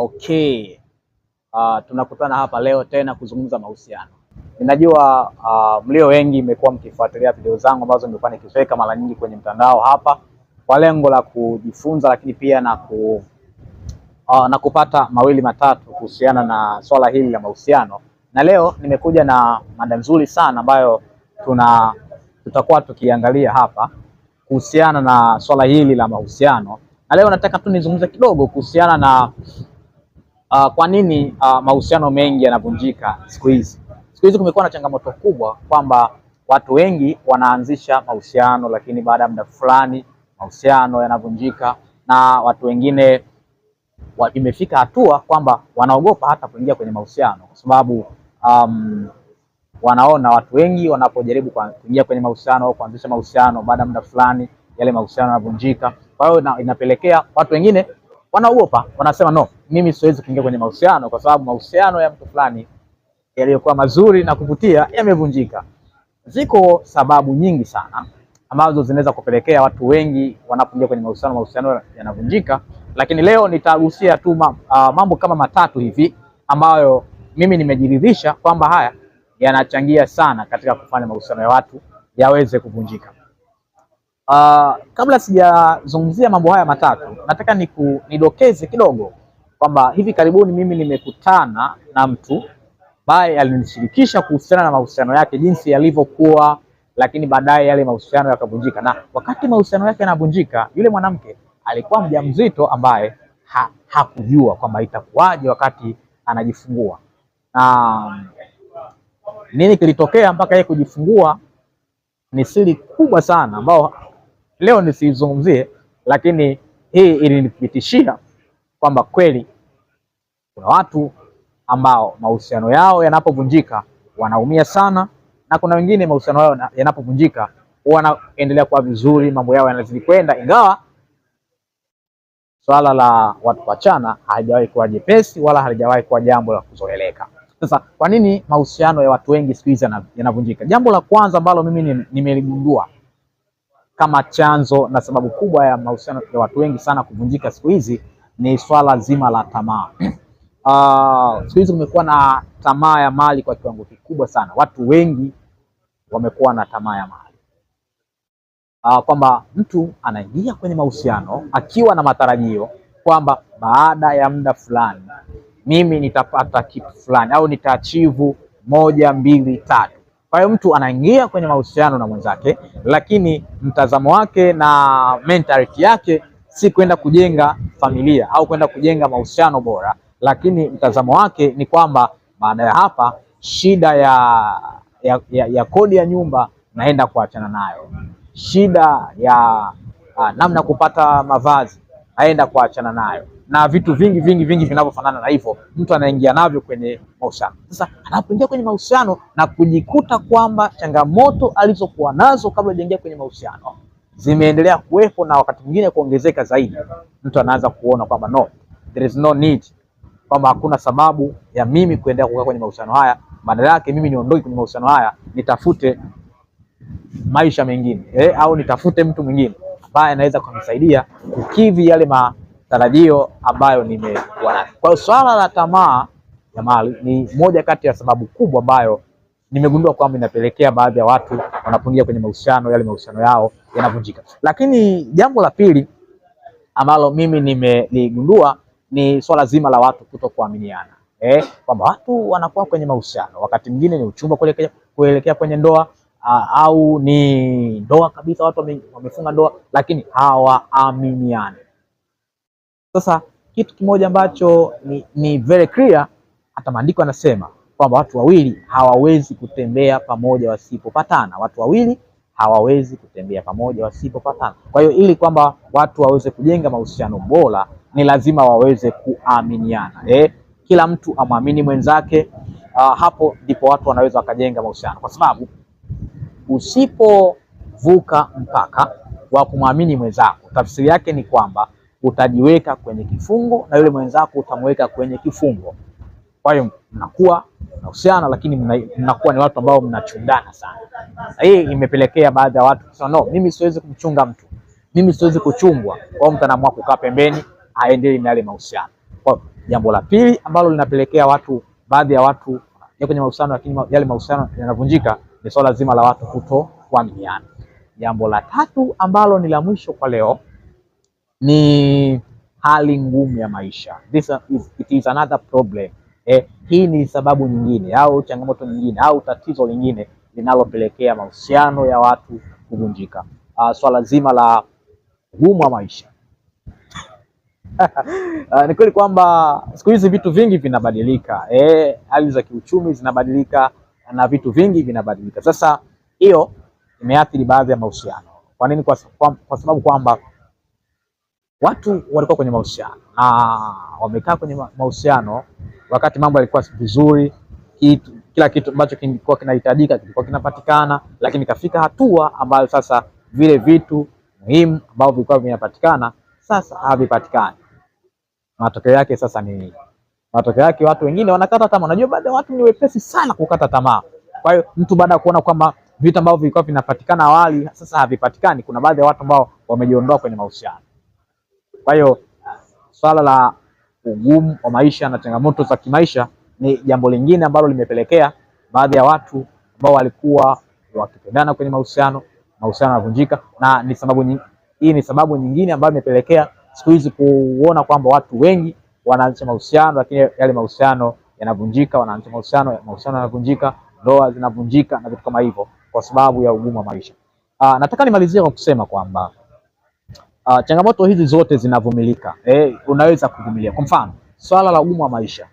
Okay. Uh, tunakutana hapa leo tena kuzungumza mahusiano. Ninajua uh, mlio wengi mmekuwa mkifuatilia video zangu ambazo nimekuwa nikiziweka mara nyingi kwenye mtandao hapa kwa lengo la kujifunza, lakini pia na ku uh, na kupata mawili matatu kuhusiana na swala hili la mahusiano, na leo nimekuja na mada nzuri sana ambayo tuna tutakuwa tukiangalia hapa kuhusiana na swala hili la mahusiano, na leo nataka tu nizungumze kidogo kuhusiana na Uh, kwa nini uh, mahusiano mengi yanavunjika siku hizi? Siku hizi kumekuwa na changamoto kubwa kwamba watu wengi wanaanzisha mahusiano, lakini baada ya muda fulani mahusiano yanavunjika, na watu wengine wa, imefika hatua kwamba wanaogopa hata kuingia kwenye mahusiano kwa sababu um, wanaona watu wengi wanapojaribu kuingia kwenye mahusiano au kuanzisha mahusiano, baada ya muda fulani yale mahusiano yanavunjika. Kwa hiyo inapelekea watu wengine wanaogopa, wanasema no, mimi siwezi kuingia kwenye mahusiano kwa sababu mahusiano ya mtu fulani yaliyokuwa mazuri na kuvutia yamevunjika. Ziko sababu nyingi sana ambazo zinaweza kupelekea watu wengi wanapoingia kwenye mahusiano, mahusiano yanavunjika, lakini leo nitagusia tu ah, mambo kama matatu hivi ambayo mimi nimejiridhisha kwamba haya yanachangia sana katika kufanya mahusiano ya watu yaweze kuvunjika. Uh, kabla sijazungumzia mambo haya matatu, nataka niku, nidokeze kidogo kwamba hivi karibuni mimi nimekutana na mtu ambaye alinishirikisha kuhusiana na mahusiano yake jinsi yalivyokuwa, lakini baadaye yale mahusiano yakavunjika. Na wakati mahusiano yake yanavunjika, yule mwanamke alikuwa mjamzito ambaye ha, hakujua kwamba itakuwaje wakati anajifungua na nini kilitokea mpaka yeye kujifungua, ni siri kubwa sana ambao leo nisizungumzie, lakini hii ilinithibitishia kwamba kweli kuna watu ambao mahusiano yao yanapovunjika wanaumia sana, na kuna wengine mahusiano yao yanapovunjika wanaendelea kuwa vizuri, mambo yao yanazidi kwenda, ingawa swala la watu kuachana halijawahi kuwa jepesi wala halijawahi kuwa jambo la kuzoeleka. Sasa kwa nini mahusiano ya watu wengi siku hizi yanavunjika? Jambo la kwanza ambalo mimi nimeligundua ni kama chanzo na sababu kubwa ya mahusiano ya watu wengi sana kuvunjika siku hizi ni swala zima la tamaa. Uh, siku hizi kumekuwa na tamaa ya mali kwa kiwango kikubwa sana. Watu wengi wamekuwa na tamaa ya mali uh, kwamba mtu anaingia kwenye mahusiano akiwa na matarajio kwamba baada ya muda fulani mimi nitapata kitu fulani au nitaachivu moja, mbili, tatu kwa hiyo mtu anaingia kwenye mahusiano na mwenzake, lakini mtazamo wake na mentality yake si kwenda kujenga familia au kwenda kujenga mahusiano bora, lakini mtazamo wake ni kwamba baada ya hapa shida ya, ya, ya, ya kodi ya nyumba naenda kuachana nayo, shida ya ah, namna kupata mavazi aenda kuachana nayo na vitu vingi vingi vingi vinavyofanana na hivyo, mtu anaingia navyo kwenye mahusiano. Sasa anapoingia kwenye mahusiano na kujikuta kwamba changamoto alizokuwa nazo kabla hajaingia kwenye mahusiano zimeendelea kuwepo na wakati mwingine kuongezeka zaidi, mtu anaanza kuona kwamba no, there is no need, kwamba hakuna sababu ya mimi kuendelea kukaa kwenye mahusiano haya. Badala yake mimi niondoke kwenye mahusiano haya, nitafute maisha mengine eh, au nitafute mtu mwingine ambaye anaweza kumsaidia kukidhi yale matarajio ambayo nimekuwa nayo. Kwa hiyo swala la tamaa ya mali ni moja kati ya sababu kubwa ambayo nimegundua kwamba inapelekea baadhi ya watu wanapungia kwenye mahusiano, yale mahusiano yao yanavunjika. Lakini jambo la pili ambalo mimi nimeligundua ni swala zima la watu kutokuaminiana, eh, kwamba watu wanakuwa kwenye mahusiano, wakati mwingine ni uchumba kuelekea, kuelekea kwenye ndoa uh, au ni ndoa kabisa, watu wamefunga ndoa lakini hawaaminiani. Sasa kitu kimoja ambacho ni, ni very clear, hata maandiko yanasema kwamba watu wawili hawawezi kutembea pamoja wasipopatana. Watu wawili hawawezi kutembea pamoja wasipopatana. Kwa hiyo ili kwamba watu waweze kujenga mahusiano bora, ni lazima waweze kuaminiana eh? Kila mtu amwamini mwenzake. Uh, hapo ndipo watu wanaweza wakajenga mahusiano, kwa sababu usipovuka mpaka wa kumwamini mwenzako, tafsiri yake ni kwamba utajiweka kwenye kifungo na yule mwenzako utamweka kwenye kifungo. Kwa hiyo mnakuwa mnahusiana, lakini mnakuwa ni watu ambao mnachundana sana. Hii imepelekea baadhi ya watu kusema no, mimi siwezi kumchunga mtu, mimi siwezi kuchungwa. Kwa hiyo mtu anaamua kukaa pembeni, aendelee na yale mahusiano. Kwa jambo la pili ambalo linapelekea watu, baadhi ya watu kwenye mahusiano, lakini yale mahusiano yanavunjika ni swala zima la watu kutokuaminiana. Jambo la tatu ambalo ni la mwisho kwa leo ni hali ngumu ya maisha. This is, it is another problem. Eh, hii ni sababu nyingine au changamoto nyingine au tatizo lingine linalopelekea mahusiano ya watu kuvunjika. Uh, swala zima la ugumu wa maisha uh, ni kweli kwamba siku hizi vitu vingi vinabadilika, eh, hali za kiuchumi zinabadilika na vitu vingi vinabadilika. Sasa hiyo imeathiri baadhi ya mahusiano. Kwa nini? Kwa, kwa, kwa sababu kwamba watu walikuwa kwenye mahusiano na wamekaa kwenye mahusiano wakati mambo yalikuwa vizuri, kitu, kila kitu ambacho kilikuwa kinahitajika kilikuwa kinapatikana, lakini ikafika hatua ambayo sasa vile vitu muhimu ambavyo vilikuwa vinapatikana sasa havipatikani. Matokeo yake sasa ni Matokeo yake watu wengine wanakata tamaa. Unajua baadhi ya watu ni wepesi sana kukata tamaa. Kwa hiyo mtu baada ya kuona kwamba vitu ambavyo vilikuwa vinapatikana awali sasa havipatikani, kuna baadhi ya watu ambao wamejiondoa kwenye mahusiano. Kwa hiyo swala la ugumu wa maisha na changamoto za kimaisha ni jambo lingine ambalo limepelekea baadhi ya watu ambao walikuwa wakipendana kwenye mahusiano, mahusiano yanavunjika, na ni sababu hii, ni sababu nyingine ambayo imepelekea siku hizi kuona kwamba watu wengi wanaanzisha mahusiano, lakini yale mahusiano yanavunjika, wanaanzisha mahusiano, mahusiano yanavunjika, ndoa zinavunjika na vitu kama hivyo, kwa sababu ya ugumu wa maisha. Aa, ah, nataka nimalizie kwa kusema kwamba ah, changamoto hizi zote zinavumilika. Eh, unaweza kuvumilia. Kwa mfano, swala la ugumu wa maisha.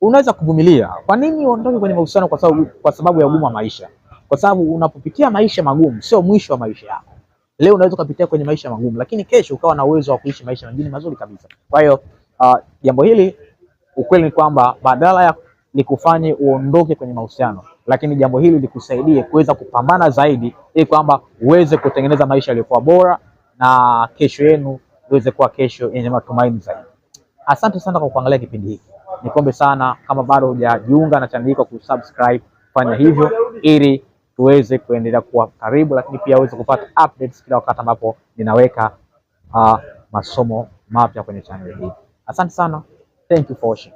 Unaweza kuvumilia. Kwa nini uondoke kwenye mahusiano kwa sababu kwa sababu ya ugumu wa maisha? Kwa sababu unapopitia maisha magumu sio mwisho wa maisha yako. Leo unaweza kupitia kwenye maisha magumu, lakini kesho ukawa na uwezo wa kuishi maisha mengine mazuri kabisa. Kwa hiyo Ah, jambo uh, hili ukweli ni kwamba badala ya likufanye uondoke kwenye mahusiano, lakini jambo hili likusaidie kuweza kupambana zaidi, ili kwamba uweze kutengeneza maisha yaliyokuwa bora na kesho yenu iweze kuwa kesho yenye matumaini zaidi. Asante sana kwa kuangalia kipindi hiki. Nikombe sana, kama bado hujajiunga na chaneli kwa kusubscribe, fanya hivyo ili tuweze kuendelea kuwa karibu, lakini pia uweze kupata updates kila wakati ambapo ninaweka uh, masomo mapya kwenye chaneli hii. Asante sana, thank you for watching.